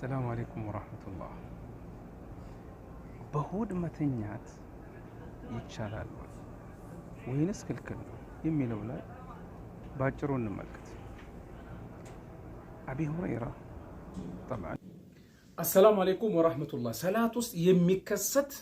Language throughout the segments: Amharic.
السلام عليكم ورحمة الله بهود ما تنيات يتشال الوال وينسك الكلمة يمي لولا باجرون الملكت أبي هريرة طبعا السلام عليكم ورحمة الله سلاتوس يمي كست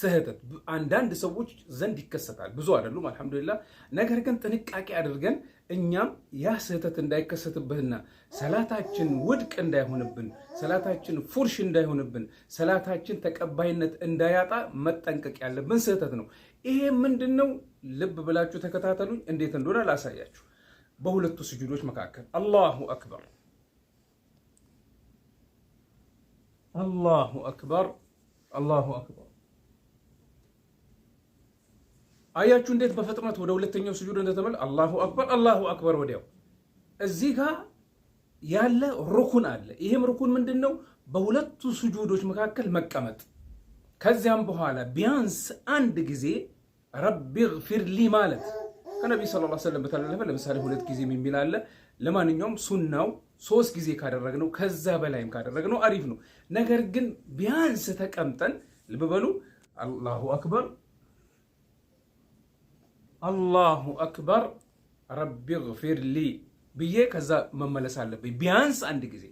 سهدت عندان دي سووش زن دي كست بزوار اللوم الحمد لله نقر كنت نكاكي عدرقن እኛም ያ ስህተት እንዳይከሰትብህና ሰላታችን ውድቅ እንዳይሆንብን፣ ሰላታችን ፉርሽ እንዳይሆንብን፣ ሰላታችን ተቀባይነት እንዳያጣ መጠንቀቅ ያለብን ስህተት ነው። ይሄ ምንድን ነው? ልብ ብላችሁ ተከታተሉኝ። እንዴት እንደሆነ ላሳያችሁ። በሁለቱ ስጁዶች መካከል አላሁ አክበር አላሁ አክበር አላሁ አክበር አያችሁ እንዴት በፍጥነት ወደ ሁለተኛው ስጁድ እንደተመለ አላሁ አክበር አላሁ አክበር። ወዲያው እዚህ ጋር ያለ ሩኩን አለ። ይህም ሩኩን ምንድን ነው? በሁለቱ ስጁዶች መካከል መቀመጥ፣ ከዚያም በኋላ ቢያንስ አንድ ጊዜ ረቢ ግፊር ሊ ማለት ከነቢ ስለ ላ ወሰለም በተላለፈ ለምሳሌ ሁለት ጊዜ የሚል አለ። ለማንኛውም ሱናው ሶስት ጊዜ ካደረግነው ከዛ በላይም ካደረግነው አሪፍ ነው። ነገር ግን ቢያንስ ተቀምጠን ልብ በሉ አላሁ አክበር አላሁ አክበር ረቢ ግፊር ሊ ብዬ ከዛ መመለስ አለብኝ። ቢያንስ አንድ ጊዜ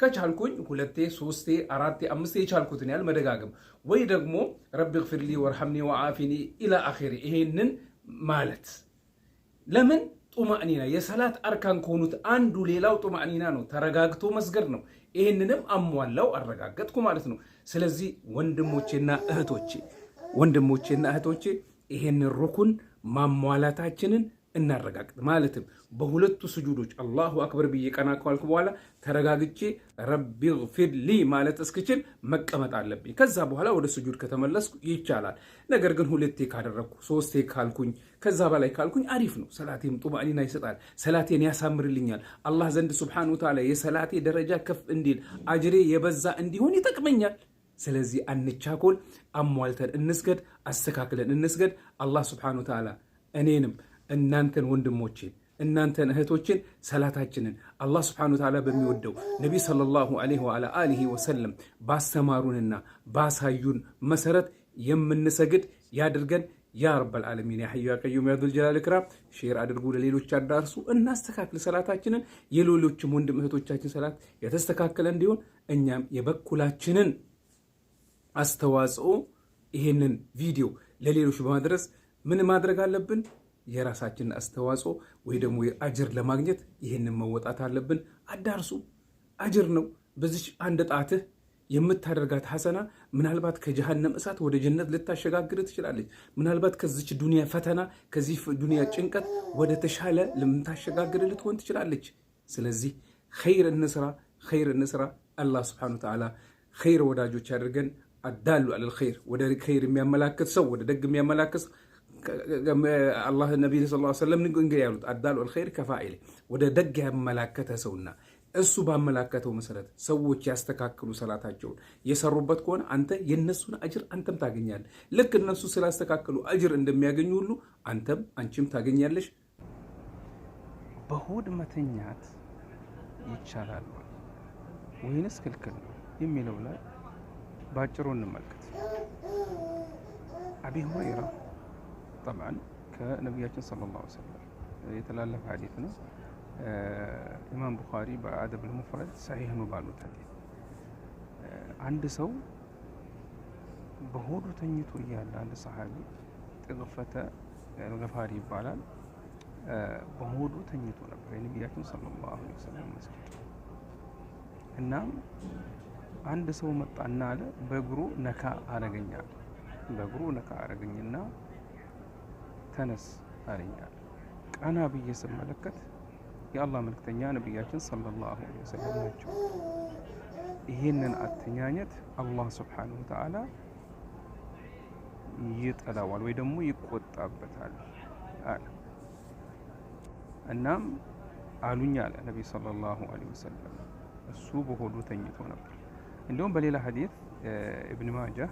ከቻልኩኝ ሁለቴ፣ ሶስቴ፣ አራቴ፣ አምስቴ የቻልኩትን ያህል መደጋገም ወይ ደግሞ ረቢ ግፊር ሊ ወርሐምኒ ወዓፊኒ ኢላ አኺሪ ይሄንን ማለት ለምን ጡማእኒና የሰላት አርካን ከሆኑት አንዱ ሌላው ጡማእኒና ነው፣ ተረጋግቶ መስገድ ነው። ይህንንም አሟላው አረጋገጥኩ ማለት ነው። ስለዚህ ወንድሞቼና እህቶቼ ወንድሞቼና እህቶቼ ይሄንን ሩኩን ማሟላታችንን እናረጋግጥ። ማለትም በሁለቱ ስጁዶች አላሁ አክበር ብዬ ቀና ከዋልኩ በኋላ ተረጋግቼ ረቢ ግፊር ሊ ማለት እስክችል መቀመጥ አለብኝ። ከዛ በኋላ ወደ ስጁድ ከተመለስኩ ይቻላል። ነገር ግን ሁለቴ ካደረግኩ፣ ሶስቴ ካልኩኝ፣ ከዛ በላይ ካልኩኝ አሪፍ ነው። ሰላቴም ጡማኒና ይሰጣል፣ ሰላቴን ያሳምርልኛል። አላህ ዘንድ ስብሓነሁ ወተዓላ የሰላቴ ደረጃ ከፍ እንዲል አጅሬ የበዛ እንዲሆን ይጠቅመኛል። ስለዚህ አንቻኮል፣ አሟልተን እንስገድ፣ አስተካክለን እንስገድ። አላህ ስብሓነ ወተዓላ እኔንም እናንተን ወንድሞችን እናንተን እህቶችን ሰላታችንን አላህ ስብሐነሁ ወተዓላ በሚወደው ነቢ ሰለላሁ ዐለይሂ ወዐላ አሊሂ ወሰለም ባስተማሩንና ባሳዩን መሰረት የምንሰግድ ያድርገን። ያ ረበል ዓለሚን ያ ሐዩ ያ ቀዩም ያ ዙልጀላል ኢክራም። ሼር አድርጉ፣ ለሌሎች አዳርሱ። እናስተካክል ሰላታችንን፣ የሌሎችም ወንድም እህቶቻችን ሰላት የተስተካከለ እንዲሆን እኛም የበኩላችንን አስተዋጽኦ ይሄንን ቪዲዮ ለሌሎች በማድረስ ምን ማድረግ አለብን? የራሳችንን አስተዋጽኦ ወይ ደግሞ አጅር ለማግኘት ይሄንን መወጣት አለብን። አዳርሱ፣ አጅር ነው። በዚች አንድ ጣትህ የምታደርጋት ሐሰና ምናልባት ከጀሃነም እሳት ወደ ጀነት ልታሸጋግር ትችላለች። ምናልባት ከዚች ዱኒያ ፈተና፣ ከዚህ ዱንያ ጭንቀት ወደ ተሻለ ልምታሸጋግር ልትሆን ትችላለች። ስለዚህ ኸይር እንስራ፣ ኸይር እንስራ። አላህ ስብሐነሁ ወተዓላ ኸይር ወዳጆች አድርገን። አዳሉ አለ ልር ወደ ር የሚያመላክት ሰው ወደ ደግ የሚያመላክት አላህ ነቢ ሰለላሁ ዐለይሂ እንግዲህ ያሉት አዳሉ ልር ከፋኢል ወደ ደግ ያመላከተ ሰውና እሱ ባመላከተው መሰረት ሰዎች ያስተካክሉ ሰላታቸውን የሰሩበት ከሆነ አንተ የእነሱን አጅር አንተም ታገኛለህ። ልክ እነሱ ስላስተካከሉ አጅር እንደሚያገኙ ሁሉ አንተም አንቺም ታገኛለሽ። በሆድ መተኛት ይቻላል ወይንስ ክልክል ነው የሚለው ላይ በአጭሩ እንመልከት። አቢ ሁረይራ ጠብዓን ከነቢያችን ሰለላሁ ዐለይሂ ወሰለም የተላለፈ ሀዲት ነው። ኢማም ቡኻሪ በአደብል ሙፍረድ ሰሒህ ነው ባሉት ሀዲት አንድ ሰው በሆዱ ተኝቶ እያለ አንድ ሰሐቢ ጥቅፈተ ገፋሪ ይባላል። በሆዱ ተኝቶ ነበር የነቢያችን ሰለላሁ ዐለይሂ ወሰለም መስጊድ እናም አንድ ሰው መጣና አለ በእግሩ ነካ አረገኛል። በእግሩ ነካ አረገኝና ተነስ አለኛል። ቀና ብዬ ስመለከት የአላህ መልክተኛ ነቢያችን ሰለላሁ ዐለይሂ ወሰለም ናቸው። ይህንን አተኛኘት አላህ ስብሓነሁ ወተዓላ ይጠላዋል ወይ ደግሞ ይቆጣበታል አለ። እናም አሉኝ አለ ነቢ ሰለላሁ ዐለይሂ ወሰለም እሱ በሆዱ ተኝቶ ነበር። اليوم بليلة حديث آه، ابن ماجة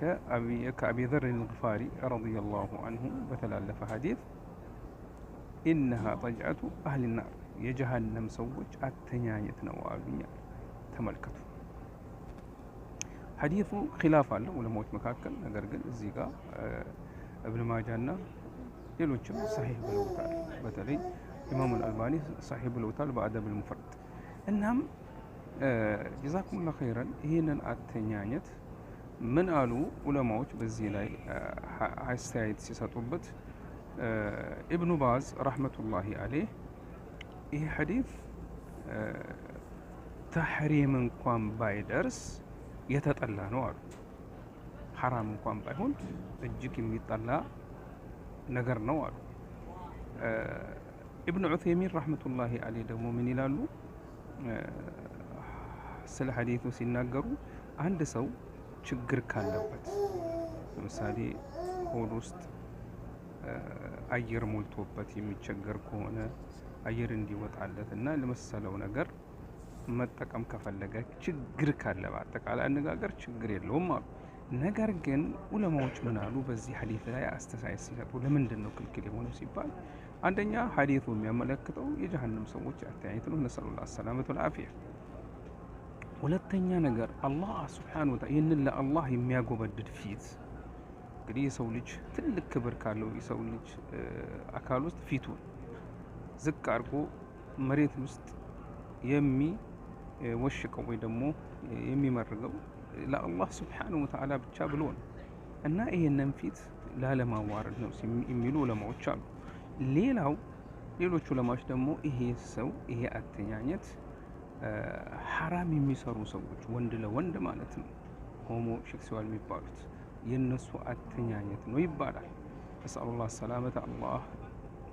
كأبي, كأبي ذر الغفاري رضي الله عنه مثلا لف حديث إنها طجعة أهل النار يا جهنم سوج التنانية نوابية تملكته حديث خلاف له ولا موت مكاكل نقرقل الزيقا آه، ابن ماجة النار صحيح بالوتال بتلي إمام الألباني صحيح بالوتال بعد بالمفرد المفرد إنهم ጀዛኩሙላ ኸይረን። ይህንን አተኛኘት ምን አሉ ዑለማዎች በዚህ ላይ አስተያየት ሲሰጡበት ኢብኑ ባዝ ረሕመቱላሂ አሌህ ይህ ሐዲፍ ተሕሪም እንኳን ባይደርስ የተጠላ ነው አሉ። ሐራም እንኳን ባይሆን እጅግ የሚጠላ ነገር ነው አሉ። ኢብኑ ዑሰይሚን ረሕመቱላሂ አሌህ ደግሞ ምን ይላሉ? ስለ ሀዲቱ ሲናገሩ አንድ ሰው ችግር ካለበት ለምሳሌ ሆድ ውስጥ አየር ሞልቶበት የሚቸገር ከሆነ አየር እንዲወጣለት እና ለመሰለው ነገር መጠቀም ከፈለገ ችግር ካለ በአጠቃላይ አነጋገር ችግር የለውም አሉ። ነገር ግን ኡለማዎች ምን አሉ? በዚህ ሀዲት ላይ አስተሳየት ሲሰጡ ለምንድን ነው ክልክል የሆነው ሲባል አንደኛ ሀዲቱ የሚያመለክተው የጀሀነም ሰዎች አተያየት ነው። ነሰሉላ ሰላመቱ ልአፍያ ሁለተኛ ነገር አላህ ስብሓነ ወተዓላ ይህንን ለአላህ የሚያጎበድድ ፊት እንግዲህ የሰው ልጅ ትልቅ ክብር ካለው የሰው ልጅ አካል ውስጥ ፊቱን ዝቅ አድርጎ መሬት ውስጥ የሚወሽቀው ወይ ደግሞ የሚመርገው ለአላህ ስብሓነ ወተዓላ ብቻ ብሎ ነው እና ይህንን ፊት ላለማዋረድ ነው የሚሉ ዑለማዎች አሉ። ሌላው ሌሎቹ ዑለማዎች ደግሞ ይሄ ሰው ይሄ አተኛኘት ሀራም የሚሰሩ ሰዎች ወንድ ለወንድ ማለት ነው ሆሞ ሴክሱዋል የሚባሉት የእነሱ አተኛኘት ነው ይባላል። ላ ሰላመት አላህ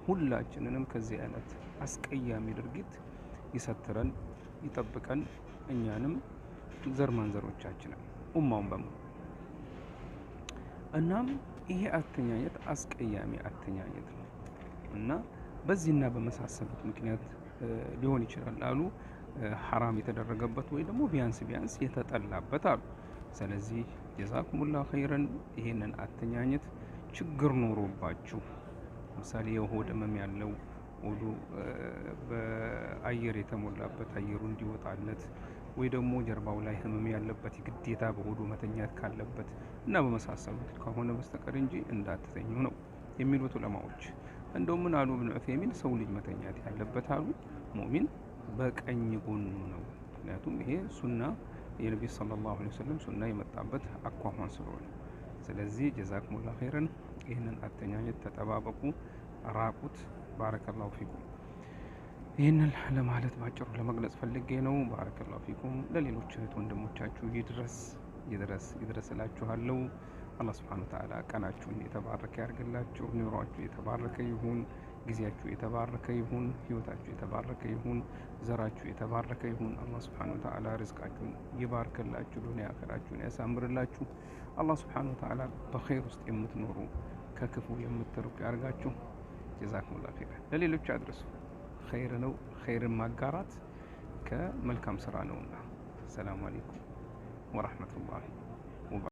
ሁላችንንም ከዚህ አይነት አስቀያሚ ድርጊት ይሰትረን ይጠብቀን፣ እኛንም ዘር ማንዘሮቻችንን ኡማውን በሙሉ እናም ይሄ አተኛኘት አስቀያሚ አተኛኘት ነው እና በዚህና በመሳሰሉት ምክንያት ሊሆን ይችላል አሉ። ሐራም የተደረገበት ወይ ደግሞ ቢያንስ ቢያንስ የተጠላበት አሉ። ስለዚህ ጀዛኩሙላ ኸይረን ይሄንን አተኛኘት ችግር ኖሮባችሁ ምሳሌ የሆድ ህመም ያለው ሆዱ በአየር የተሞላበት አየሩ እንዲወጣለት ወይ ደግሞ ጀርባው ላይ ህመም ያለበት ግዴታ በሆዱ መተኛት ካለበት እና በመሳሰሉት ከሆነ በስተቀር እንጂ እንዳትተኙ ነው የሚሉት ዑለማዎች። እንደው ምን አሉ? ኢብኑ ዑሰይሚን ሰው ልጅ መተኛት ያለበት አሉ ሙእሚን በቀኝ ጎኑ ነው። ምክንያቱም ይሄ ሱና የነቢ ሰለላሁ ዐለይሂ ወሰለም ሱና የመጣበት አኳኋን ስለሆነ ስለዚህ ጀዛኩሙላ ኸይረን። ይህንን አተኛኘት ተጠባበቁ፣ ራቁት። ባረከላሁ ፊኩም። ይህንን ለማለት ባጭሩ ለመግለጽ ፈልጌ ነው። ባረከላሁ ፊኩም። ለሌሎች እህት ወንድሞቻችሁ ይድረስ ይድረስ ይድረስ እላችኋለሁ። አላህ ስብሐነ ወተዓላ ቀናችሁን የተባረከ ያርግላችሁ፣ ኑሯችሁ የተባረከ ይሁን። ጊዜያችሁ የተባረከ ይሁን፣ ህይወታችሁ የተባረከ ይሁን፣ ዘራችሁ የተባረከ ይሁን። አላህ ስብሓነሁ ወተዓላ ርዝቃችሁን ይባርክላችሁ፣ ዱንያ አኸራችሁን ያሳምርላችሁ። አላህ ስብሓነሁ ወተዓላ በኸይር ውስጥ የምትኖሩ ከክፉ የምትርቁ ያርጋችሁ። ጀዛኩሙላሁ ኸይር። ለሌሎች አድርሱ። ኸይር ነው። ኸይርን ማጋራት ከመልካም ስራ ነውና። ሰላሙ አለይኩም ወራህመቱላሂ